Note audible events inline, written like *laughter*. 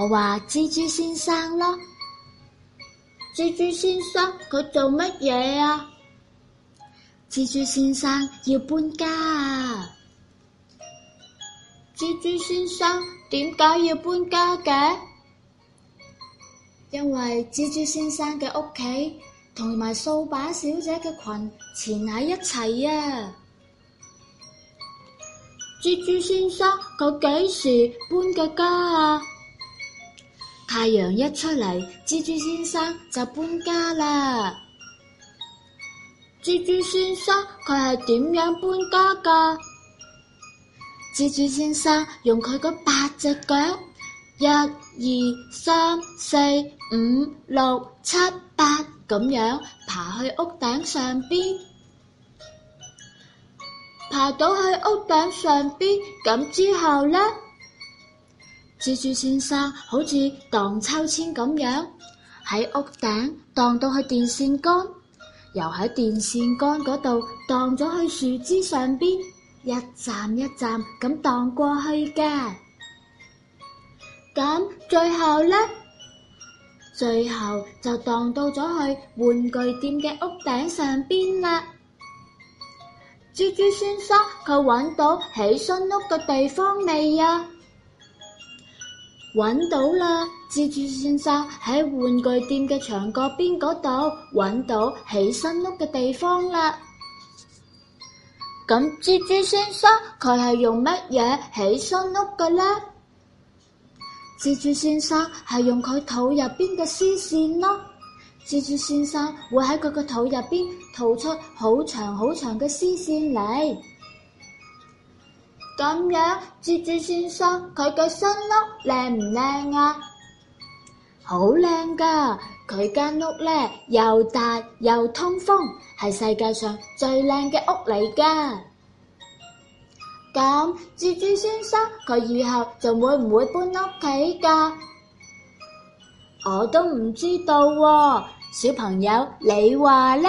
我話蜘蛛先生咯，蜘蛛先生佢做乜嘢啊？蜘蛛先生要搬家啊！蜘蛛先生點解要搬家嘅？因為蜘蛛先生嘅屋企同埋掃把小姐嘅裙纏喺一齊啊！蜘蛛先生佢幾時搬嘅家啊？太陽一出嚟，蜘蛛先生就搬家啦。蜘蛛先生佢係點樣搬家㗎？蜘蛛先生用佢嗰八隻腳，一、二、三、四、五、六、七、八咁樣爬去屋頂上邊，爬到去屋頂上邊咁之後呢？蜘蛛先生好似蕩秋千咁樣，喺屋頂蕩到去電線杆，又喺電線杆嗰度蕩咗去樹枝上邊，一站一站咁蕩過去嘅。咁最後咧，最後就蕩到咗去玩具店嘅屋頂上邊啦。蜘蛛先生佢搵到起新屋嘅地方未啊？搵到啦，蜘蛛先生喺玩具店嘅牆角邊嗰度搵到起新屋嘅地方啦。咁蜘蛛先生佢係用乜嘢起新屋嘅咧？蜘蛛先生係用佢肚入邊嘅絲線咯。蜘蛛先生會喺佢個肚入邊吐出好長好長嘅絲線嚟。咁樣，蜘蛛先生佢嘅新屋靚唔靚啊？好靚噶，佢間屋咧，又大又通風，係世界上最靚嘅屋嚟噶。咁，蜘蛛先生佢以後就會唔會搬屋企噶？ *laughs* 我都唔知道喎、啊，小朋友你話咧？